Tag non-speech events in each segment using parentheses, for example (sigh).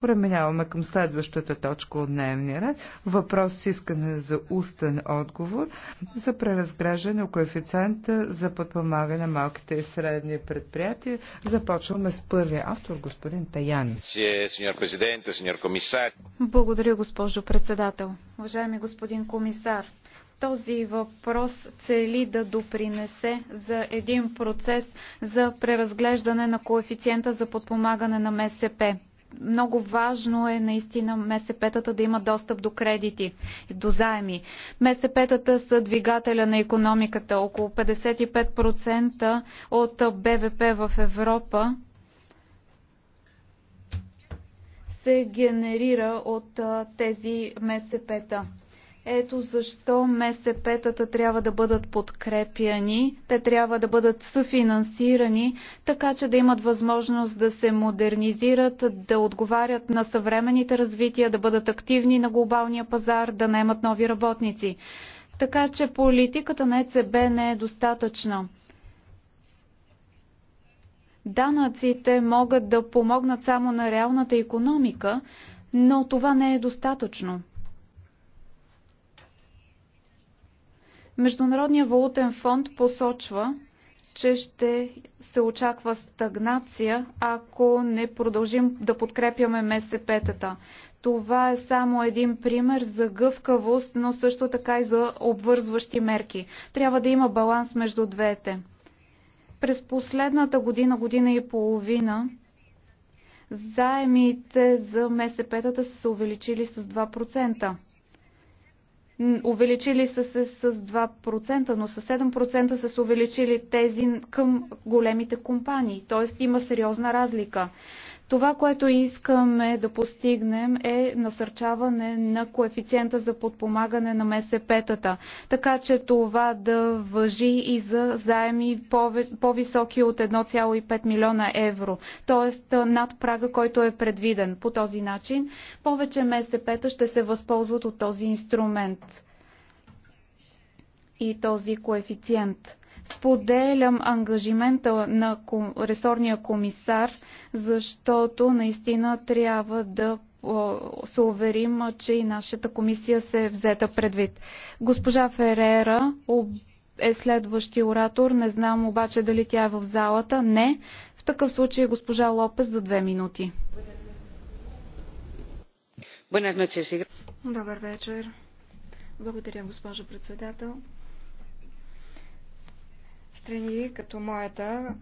Преминаваме към следващата точка от дневния ред. Въпрос с искане за устен отговор за преразграждане на коефициента за подпомагане на малките и средни предприятия. Започваме с първия автор, господин Таян. Благодаря, госпожо председател. Уважаеми господин комисар, този въпрос цели да допринесе за един процес за преразглеждане на коефициента за подпомагане на МСП много важно е наистина МСП-тата да имат достъп до кредити, до заеми. МСП-тата са двигателя на економиката. Около 55% от БВП в Европа се генерира от тези МСП-та. Ето защо МСП-тата трябва да бъдат подкрепяни, те трябва да бъдат съфинансирани, така че да имат възможност да се модернизират, да отговарят на съвременните развития, да бъдат активни на глобалния пазар, да наемат нови работници. Така че политиката на ЕЦБ не е достатъчна. Данъците могат да помогнат само на реалната економика, но това не е достатъчно. Международния валутен фонд посочва, че ще се очаква стагнация, ако не продължим да подкрепяме МСП-тата. Това е само един пример за гъвкавост, но също така и за обвързващи мерки. Трябва да има баланс между двете. През последната година, година и половина, заемите за МСП-тата са се увеличили с 2% увеличили са се с 2%, но с 7% са се увеличили тези към големите компании. Тоест има сериозна разлика. Това, което искаме да постигнем е насърчаване на коефициента за подпомагане на МСП-тата, така че това да въжи и за заеми по-високи от 1,5 милиона евро, т.е. над прага, който е предвиден. По този начин повече МСП-та ще се възползват от този инструмент и този коефициент. Споделям ангажимента на ресорния комисар, защото наистина трябва да се уверим, че и нашата комисия се е взета предвид. Госпожа Ферера е следващия оратор. Не знам обаче дали тя е в залата. Не. В такъв случай госпожа Лопес за две минути. Добър вечер. Благодаря, госпожо председател страни като моята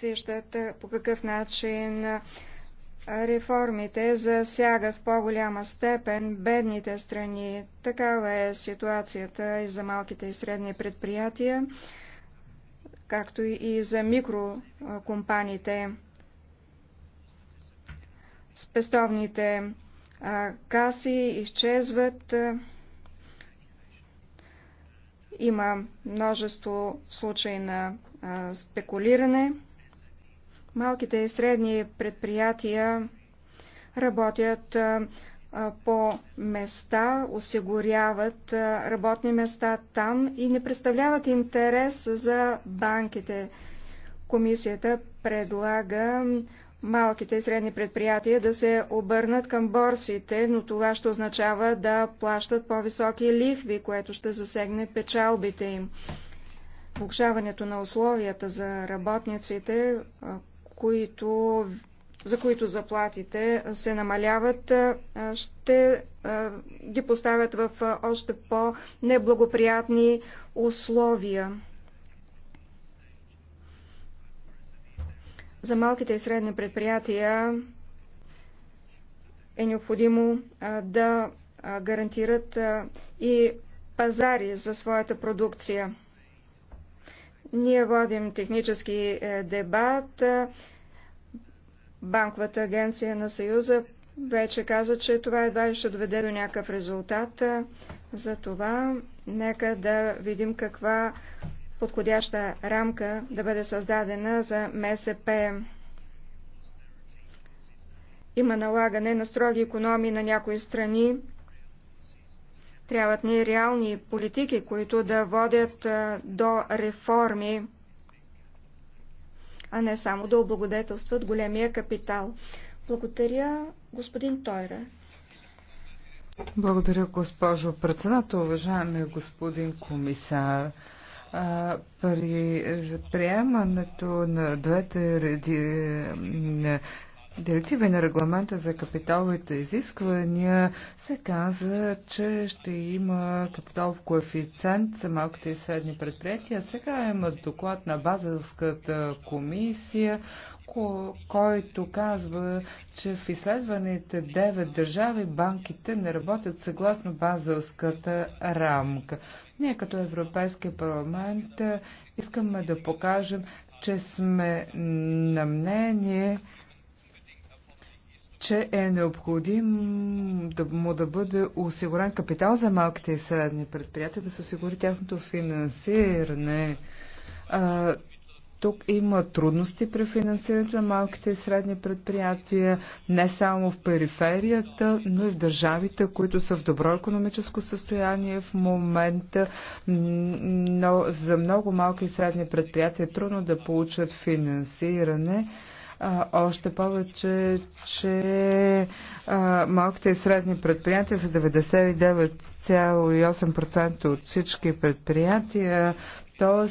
виждат по какъв начин реформите засягат в по-голяма степен бедните страни. Такава е ситуацията и за малките и средни предприятия, както и за микрокомпаниите. Спестовните каси изчезват. Има множество случаи на а, спекулиране. Малките и средни предприятия работят а, по места, осигуряват работни места там и не представляват интерес за банките. Комисията предлага малките и средни предприятия да се обърнат към борсите, но това ще означава да плащат по-високи лихви, което ще засегне печалбите им. Влушаването на условията за работниците, които, за които заплатите се намаляват, ще ги поставят в още по-неблагоприятни условия. За малките и средни предприятия е необходимо да гарантират и пазари за своята продукция. Ние водим технически е, дебат. Банковата агенция на Съюза вече каза, че това едва ли ще доведе до някакъв резултат. За това, нека да видим каква подходяща рамка да бъде създадена за МСП. Има налагане на строги економии на някои страни. Трябват ни реални политики, които да водят до реформи, а не само да облагодетелстват големия капитал. Благодаря, господин Тойра. Благодаря, госпожо председател, уважаеми господин комисар при приемането на двете реди, директива на регламента за капиталовите изисквания се каза, че ще има капиталов коефициент за малките и средни предприятия. Сега има доклад на Базелската комисия, който казва, че в изследваните 9 държави банките не работят съгласно базълската рамка. Ние като Европейския парламент искаме да покажем, че сме на мнение, че е необходим да му да бъде осигурен капитал за малките и средни предприятия, да се осигури тяхното финансиране. А, тук има трудности при финансирането на малките и средни предприятия, не само в периферията, но и в държавите, които са в добро економическо състояние в момента. Но за много малки и средни предприятия е трудно да получат финансиране. А, още повече, че а, малките и средни предприятия са 99,8% от всички предприятия, т.е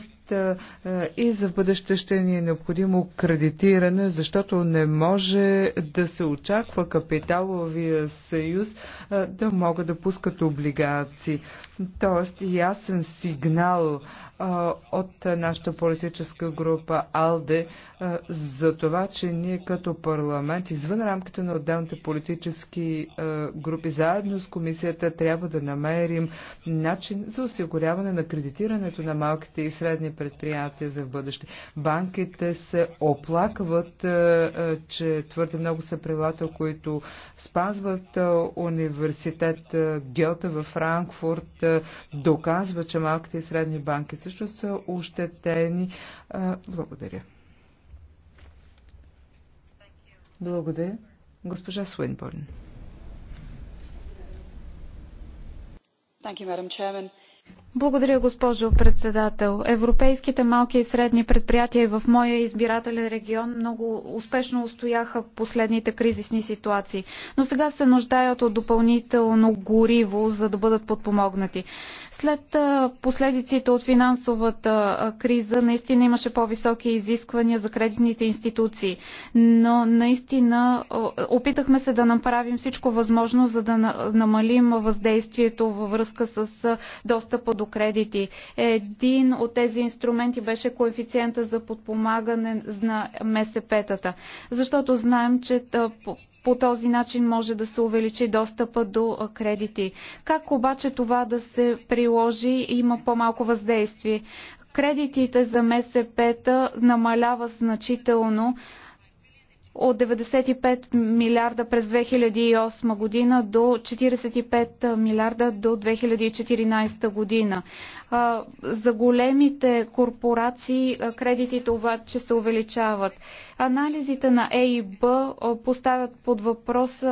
и за бъдеще ще ни е необходимо кредитиране, защото не може да се очаква капиталовия съюз да могат да пускат облигации. Тоест ясен сигнал от нашата политическа група АЛДЕ за това, че ние като парламент извън рамките на отделните политически групи заедно с комисията трябва да намерим начин за осигуряване на кредитирането на малките и средни предприятия за в бъдеще. Банките се оплакват, е, е, че твърде много са правилата, които спазват е, университет Гьота във Франкфурт, доказва, че малките и средни банки също са ощетени. Благодаря. Благодаря. Госпожа Суинборн. Thank you, Madam Chairman. Благодаря, госпожо председател. Европейските малки и средни предприятия в моя избирателен регион много успешно устояха последните кризисни ситуации, но сега се нуждаят от допълнително гориво, за да бъдат подпомогнати. След последиците от финансовата криза наистина имаше по-високи изисквания за кредитните институции, но наистина опитахме се да направим всичко възможно, за да намалим въздействието във връзка с достъпа до кредити. Един от тези инструменти беше коефициента за подпомагане на МСП-тата, защото знаем, че по този начин може да се увеличи достъпа до кредити. Как обаче това да се при приложи, има по-малко въздействие. Кредитите за МСП-та намалява значително от 95 милиарда през 2008 година до 45 милиарда до 2014 година за големите корпорации кредитите обаче се увеличават. Анализите на ЕИБ поставят под въпрос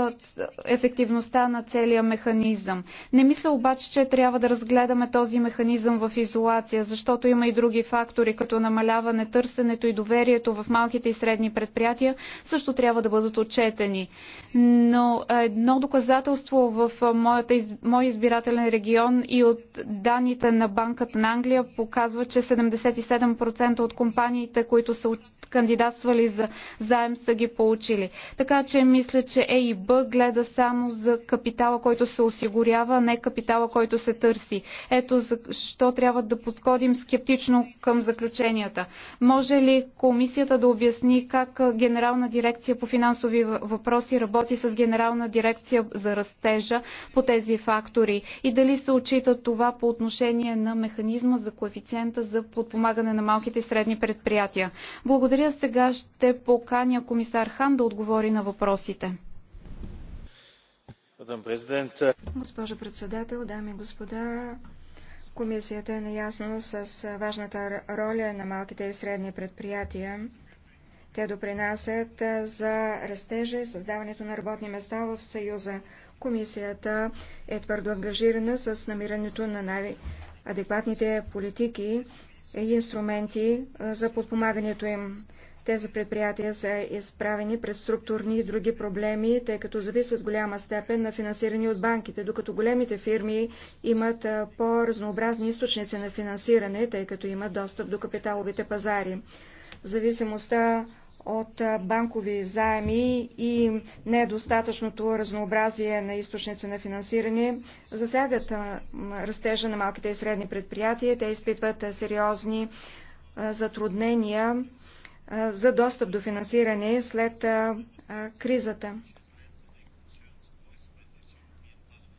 ефективността на целия механизъм. Не мисля обаче, че трябва да разгледаме този механизъм в изолация, защото има и други фактори, като намаляване търсенето и доверието в малките и средни предприятия, също трябва да бъдат отчетени. Но едно доказателство в моята, моя избирателен регион и от данните на банк Банката на Англия показва, че 77% от компаниите, които са кандидатствали за заем, са ги получили. Така че мисля, че ЕИБ гледа само за капитала, който се осигурява, а не капитала, който се търси. Ето защо трябва да подходим скептично към заключенията. Може ли комисията да обясни как Генерална дирекция по финансови въпроси работи с Генерална дирекция за растежа по тези фактори и дали се отчита това по отношение на механизма за коефициента за подпомагане на малките и средни предприятия. Благодаря. Сега ще поканя комисар Хан да отговори на въпросите. Госпожо председател, дами и господа, комисията е наясно с важната роля на малките и средни предприятия. Те допринасят за растежа и създаването на работни места в Съюза. Комисията е твърдо ангажирана с намирането на адекватните политики и инструменти за подпомагането им. Тези предприятия са изправени пред структурни и други проблеми, тъй като зависят голяма степен на финансиране от банките, докато големите фирми имат по-разнообразни източници на финансиране, тъй като имат достъп до капиталовите пазари. Зависимостта от банкови заеми и недостатъчното разнообразие на източници на финансиране засягат растежа на малките и средни предприятия. Те изпитват сериозни затруднения за достъп до финансиране след кризата.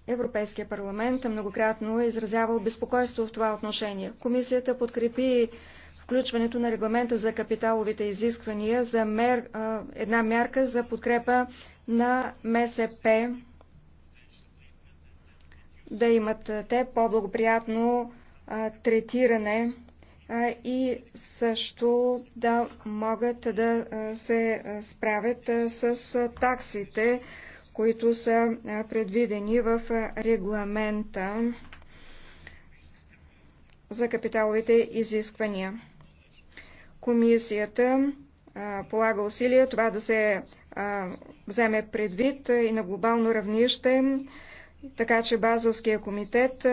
Европейския парламент многократно е изразявал безпокойство в това отношение. Комисията подкрепи включването на регламента за капиталовите изисквания за мер, една мярка за подкрепа на МСП да имат те по-благоприятно третиране и също да могат да се справят с таксите, които са предвидени в регламента за капиталовите изисквания. Комисията полага усилия това да се вземе предвид и на глобално равнище, така че Базълския комитет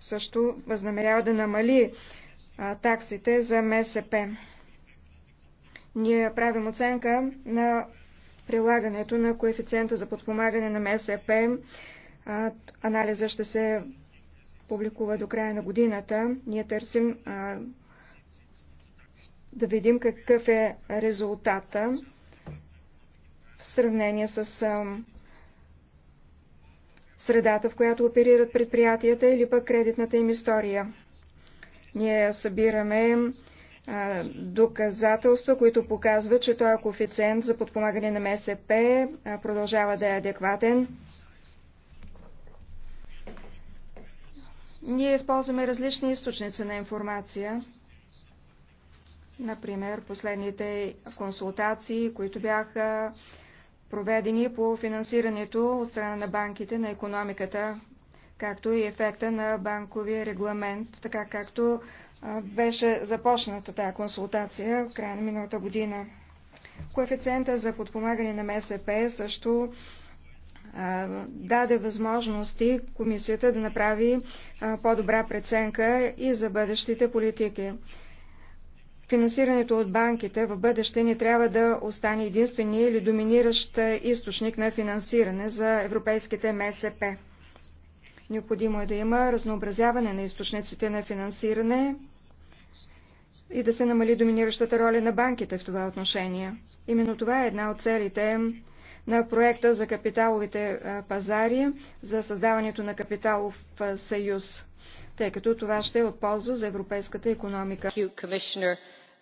също възнамерява да намали таксите за МСП. Ние правим оценка на прилагането на коефициента за подпомагане на МСП. Анализа ще се публикува до края на годината. Ние търсим да видим какъв е резултата в сравнение с средата, в която оперират предприятията или пък кредитната им история. Ние събираме доказателства, които показват, че този е коефициент за подпомагане на МСП продължава да е адекватен. Ние използваме различни източници на информация. Например, последните консултации, които бяха проведени по финансирането от страна на банките на економиката, както и ефекта на банковия регламент, така както беше започната тази консултация в края на миналата година. Коефициента за подпомагане на МСП също даде възможности комисията да направи по-добра преценка и за бъдещите политики. Финансирането от банките в бъдеще не трябва да остане единствения или доминиращ източник на финансиране за европейските МСП. Необходимо е да има разнообразяване на източниците на финансиране и да се намали доминиращата роля на банките в това отношение. Именно това е една от целите на проекта за капиталовите пазари, за създаването на капиталов съюз, тъй като това ще е от полза за европейската економика.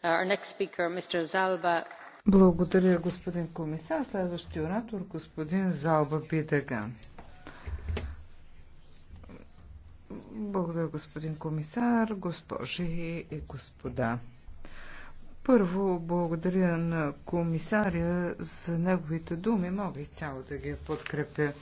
Uh, Благодаря, господин комисар. Следващия оратор, господин Залба Бидеган. Благодаря, господин комисар, госпожи и господа. Първо, благодаря на комисаря за неговите думи. Мога изцяло да ги подкрепя.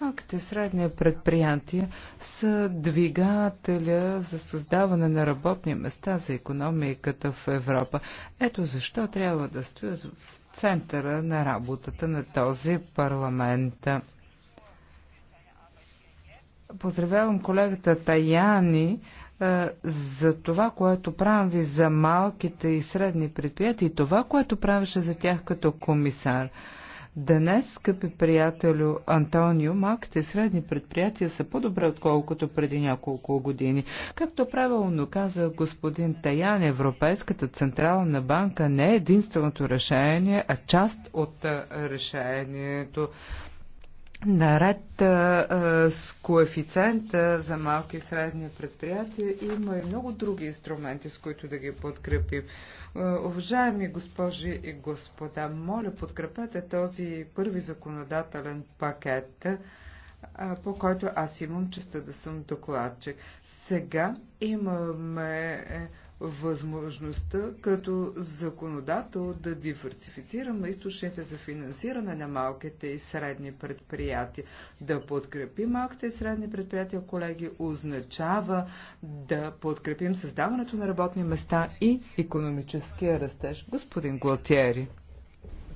Малките средни предприятия са двигателя за създаване на работни места за економиката в Европа. Ето защо трябва да стоят в центъра на работата на този парламент. Поздравявам колегата Таяни е, за това, което прави ви за малките и средни предприятия и това, което правеше за тях като комисар. Днес, скъпи приятелю Антонио, малките и средни предприятия са по-добре, отколкото преди няколко години. Както правилно каза господин Таян, Европейската централна банка не е единственото решение, а част от е, решението. Наред с коефициента за малки и средни предприятия има и много други инструменти, с които да ги подкрепим. Уважаеми госпожи и господа, моля подкрепете този първи законодателен пакет, по който аз имам честа да съм докладчик. Сега имаме е, възможността като законодател да диверсифицираме източните за финансиране на малките и средни предприятия. Да подкрепим малките и средни предприятия, колеги, означава да подкрепим създаването на работни места и економическия растеж. Господин Глотиери.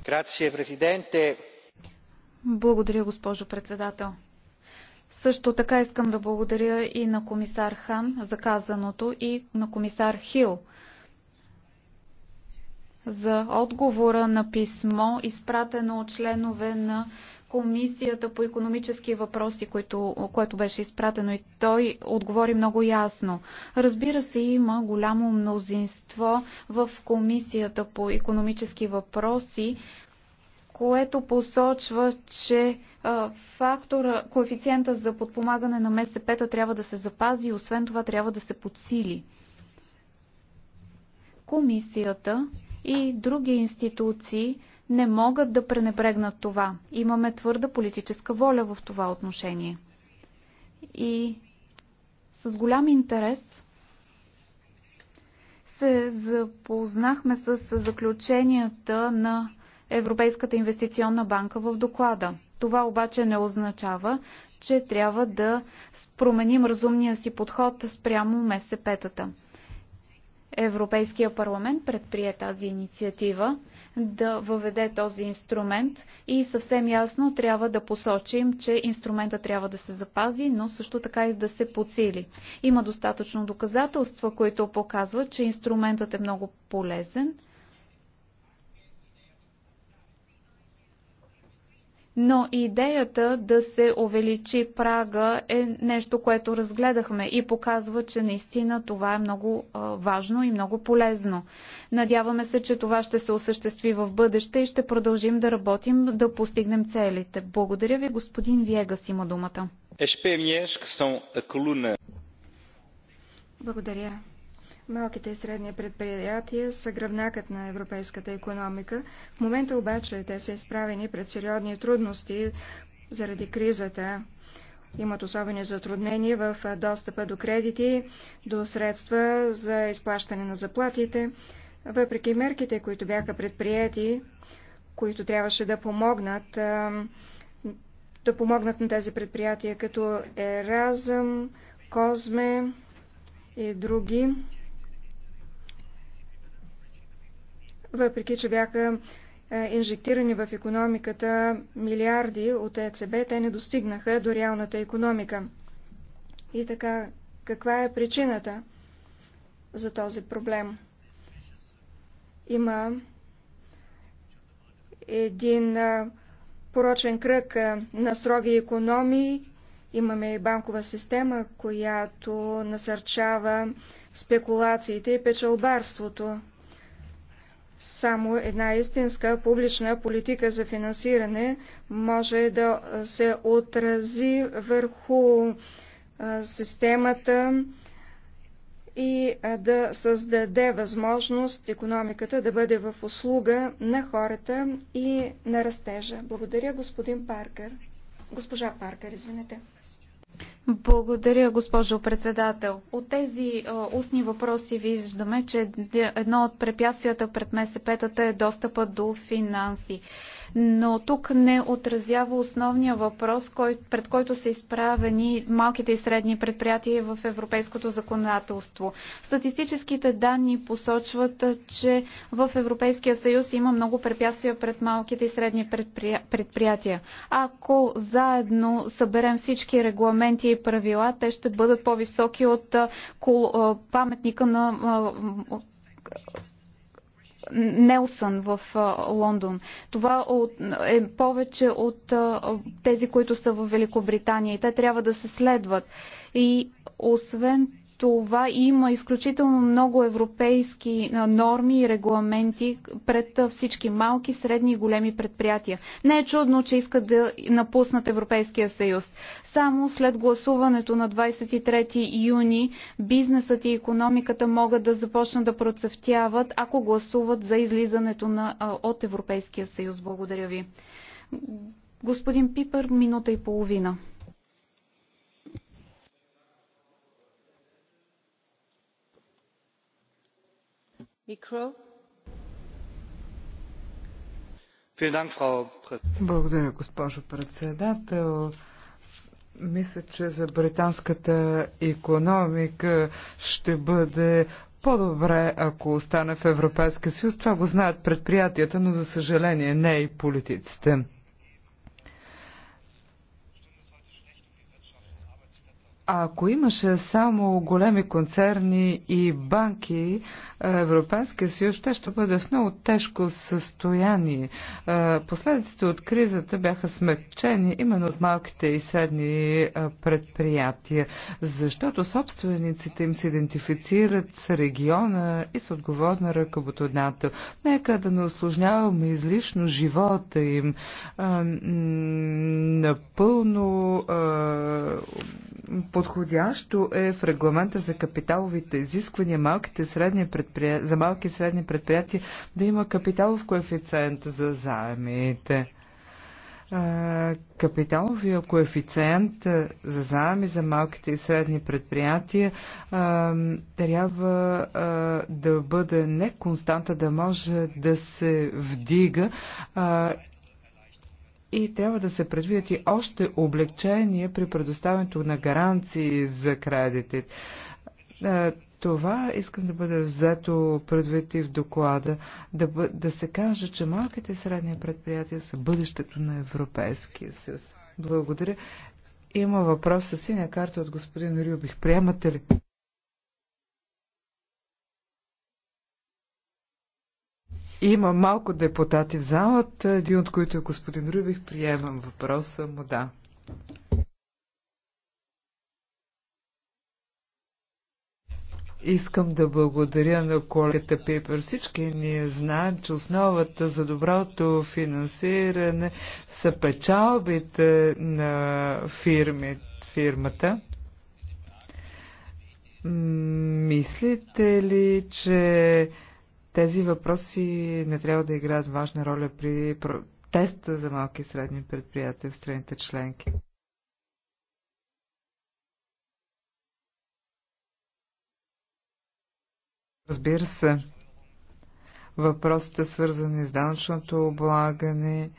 Грация, президенте. Благодаря, госпожо председател. Също така искам да благодаря и на комисар Хан за казаното и на комисар Хил за отговора на писмо, изпратено от членове на Комисията по економически въпроси, което, което беше изпратено и той отговори много ясно. Разбира се, има голямо мнозинство в Комисията по економически въпроси което посочва, че фактора, коефициента за подпомагане на МСП-та трябва да се запази и освен това трябва да се подсили. Комисията и други институции не могат да пренебрегнат това. Имаме твърда политическа воля в това отношение. И с голям интерес се запознахме с заключенията на Европейската инвестиционна банка в доклада. Това обаче не означава, че трябва да променим разумния си подход спрямо МСП-тата. Европейския парламент предприе тази инициатива да въведе този инструмент и съвсем ясно трябва да посочим, че инструмента трябва да се запази, но също така и да се подсили. Има достатъчно доказателства, които показват, че инструментът е много полезен Но идеята да се увеличи прага е нещо, което разгледахме и показва, че наистина това е много важно и много полезно. Надяваме се, че това ще се осъществи в бъдеще и ще продължим да работим да постигнем целите. Благодаря ви, господин Виегас има думата. Благодаря. Малките и средни предприятия са гръбнакът на европейската економика. В момента обаче те са изправени пред сериозни трудности заради кризата. Имат особени затруднения в достъпа до кредити, до средства за изплащане на заплатите. Въпреки мерките, които бяха предприяти, които трябваше да помогнат, да помогнат на тези предприятия, като Еразъм, Козме и други, Въпреки, че бяха е, инжектирани в економиката милиарди от ЕЦБ, те не достигнаха до реалната економика. И така, каква е причината за този проблем? Има един е, порочен кръг е, на строги економии. Имаме и банкова система, която насърчава спекулациите и печалбарството. Само една истинска публична политика за финансиране може да се отрази върху системата и да създаде възможност економиката да бъде в услуга на хората и на растежа. Благодаря, господин Паркър. Госпожа Паркър, извинете. Благодаря, госпожо председател. От тези а, устни въпроси виждаме, че едно от препятствията пред МСП-тата е достъпа до финанси но тук не отразява основния въпрос, кой, пред който са изправени малките и средни предприятия в европейското законодателство. Статистическите данни посочват, че в Европейския съюз има много препятствия пред малките и средни предприятия. Ако заедно съберем всички регламенти и правила, те ще бъдат по-високи от паметника на Нелсън в Лондон. Това е повече от тези, които са в Великобритания и те трябва да се следват. И освен това има изключително много европейски норми и регламенти пред всички малки, средни и големи предприятия. Не е чудно, че искат да напуснат Европейския съюз. Само след гласуването на 23 юни бизнесът и економиката могат да започнат да процъфтяват, ако гласуват за излизането на, от Европейския съюз. Благодаря ви. Господин Пипър, минута и половина. Благодаря, госпожо председател. Мисля, че за британската економика ще бъде по-добре, ако остане в Европейския съюз. Това го знаят предприятията, но за съжаление не и политиците. А ако имаше само големи концерни и банки, Европейския съюз ще ще бъде в много тежко състояние. Последиците от кризата бяха смекчени именно от малките и средни предприятия, защото собствениците им се идентифицират с региона и с отговорна ръковододната. Нека да не осложняваме излишно живота им. Напълно Подходящо е в регламента за капиталовите изисквания малките средни предприятия, за малки и средни предприятия да има капиталов коефициент за заемите. Капиталовия коефициент за заеми за малките и средни предприятия трябва да бъде не константа, да може да се вдига и трябва да се предвидят и още облегчения при предоставянето на гаранции за кредити. Е, това искам да бъде взето предвид и в доклада, да, да се каже, че малките и средни предприятия са бъдещето на Европейския съюз. Благодаря. Има въпрос с синя карта от господин Рюбих. Приемате ли? Има малко депутати в залата, един от които е господин Рубих. Приемам въпроса му, да. Искам да благодаря на колегата Пейпер. Всички ние знаем, че основата за доброто финансиране са печалбите на фирми, фирмата. Мислите ли, че тези въпроси не трябва да играят важна роля при теста за малки и средни предприятия в страните членки. Разбира се, въпросите свързани с данъчното облагане,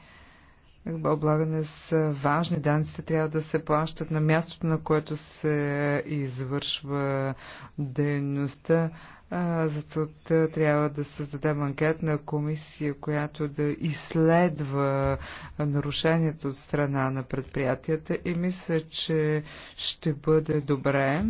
облагане са важни. Данците трябва да се плащат на мястото, на което се извършва дейността. За целта трябва да създадем анкетна комисия, която да изследва нарушението от страна на предприятията и мисля, че ще бъде добре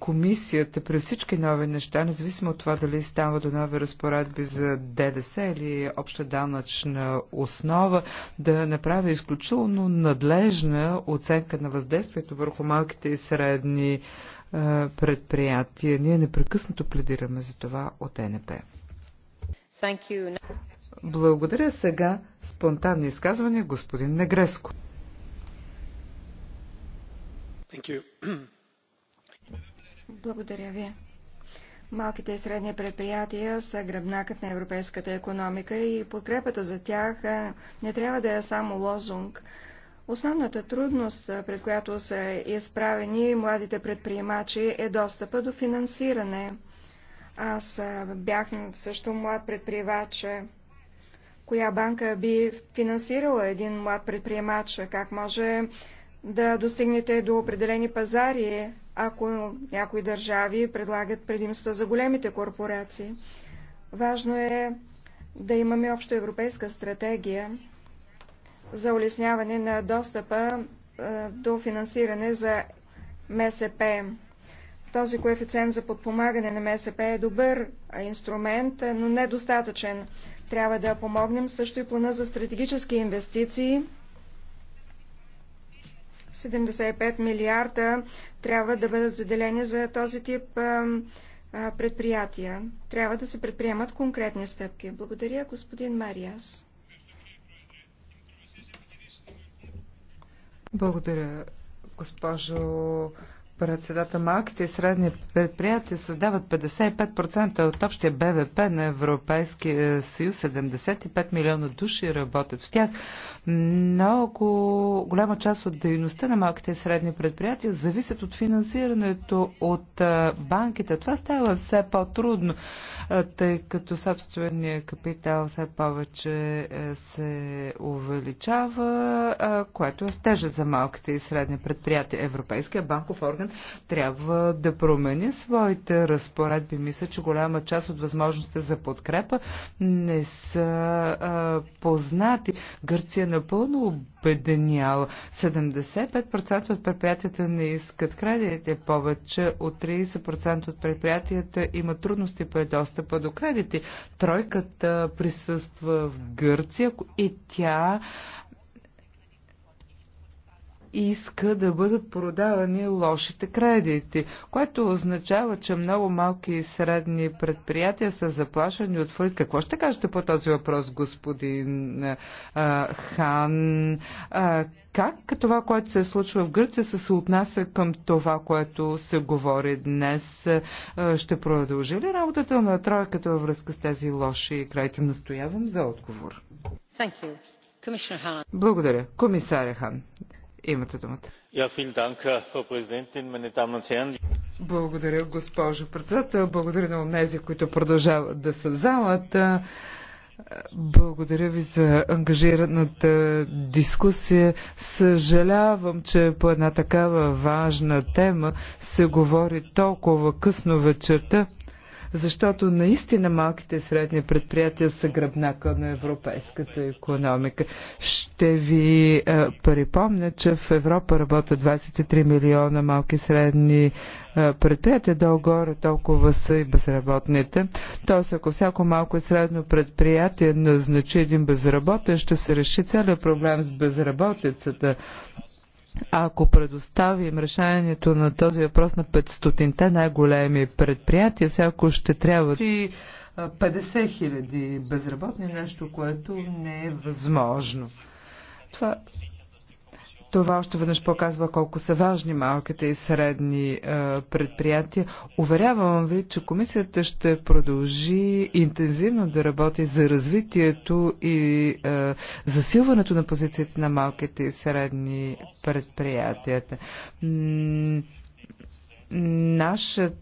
комисията при всички нови неща, независимо от това дали става до нови разпоредби за ДДС или обща данъчна основа, да направи изключително надлежна оценка на въздействието върху малките и средни е, предприятия. Ние непрекъснато пледираме за това от НП. Благодаря сега спонтанни изказвания господин Негреско. (clears throat) Благодаря ви. Малките и средни предприятия са гръбнакът на европейската економика и подкрепата за тях е, не трябва да е само лозунг. Основната трудност, пред която са изправени младите предприемачи, е достъпа до финансиране. Аз бях също млад предприемач. Коя банка би финансирала един млад предприемач? Как може да достигнете до определени пазари, ако някои държави предлагат предимства за големите корпорации? Важно е да имаме общо европейска стратегия за улесняване на достъпа е, до финансиране за МСП. Този коефициент за подпомагане на МСП е добър е, инструмент, е, но недостатъчен. Трябва да помогнем също и плана за стратегически инвестиции. 75 милиарда трябва да бъдат заделени за този тип предприятия. Трябва да се предприемат конкретни стъпки. Благодаря, господин Мариас. Благодаря, госпожо председател, малките и средни предприятия създават 55% от общия БВП на Европейския съюз. 75 милиона души работят в тях. Много голяма част от дейността на малките и средни предприятия зависят от финансирането от банките. Това става все по-трудно, тъй като собствения капитал все повече е, се увеличава, което е в за малките и средни предприятия. Европейския банков орган трябва да промени своите разпоредби. Мисля, че голяма част от възможностите за подкрепа не са а, познати. Гърция е напълно обеденяла. 75% от предприятията не искат кредитите. Повече от 30% от предприятията има трудности при достъпа до кредити. Тройката присъства в Гърция и тя иска да бъдат продавани лошите кредити, което означава, че много малки и средни предприятия са заплашени от фалит. Какво ще кажете по този въпрос, господин а, Хан? А, как това, което се случва в Гърция, се отнася към това, което се говори днес? А, ще продължи ли работата на тройката във връзка с тези лоши кредити? Настоявам за отговор. Благодаря. Комисаря Хан. Имате думата. Благодаря, госпожо председател. Благодаря на онези, които продължават да са в залата. Благодаря ви за ангажираната дискусия. Съжалявам, че по една такава важна тема се говори толкова късно вечерта защото наистина малките и средни предприятия са гръбнака на европейската економика. Ще ви е, припомня, че в Европа работят 23 милиона малки и средни е, предприятия, долу-горе толкова са и безработните. Тоест, ако всяко малко и средно предприятие назначи един безработен, ще се реши целият проблем с безработицата. Ако предоставим решението на този въпрос на 500-те най-големи предприятия, всяко ще трябва 50 000 безработни, нещо, което не е възможно. Това това още веднъж показва колко са важни малките и средни е, предприятия. Уверявам ви, че комисията ще продължи интензивно да работи за развитието и е, засилването на позициите на малките и средни предприятията. Нашата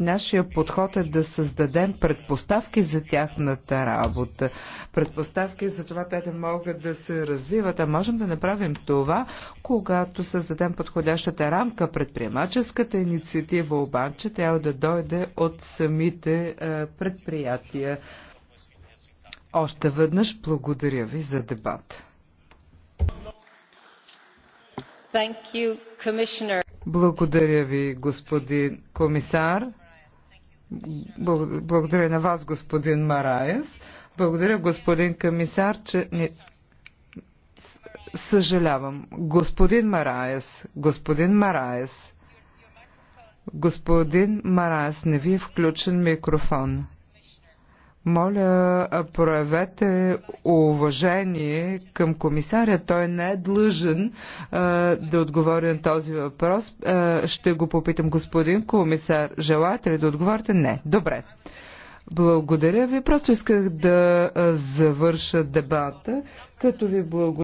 Нашия подход е да създадем предпоставки за тяхната работа, предпоставки за това те да могат да се развиват, а можем да направим това, когато създадем подходящата рамка. Предприемаческата инициатива обаче трябва да дойде от самите е, предприятия. Още веднъж благодаря ви за дебата. Благодаря ви, господин комисар. Благодаря на вас, господин Мараес. Благодаря, господин комисар, че не... Съжалявам. Господин Мараес, господин Мараес, господин Мараес, не ви е включен микрофон. Моля, проявете уважение към комисаря. Той не е длъжен а, да отговори на този въпрос. А, ще го попитам, господин комисар, желаете ли да отговорите? Не. Добре. Благодаря ви. Просто исках да завърша дебата, като ви благодаря.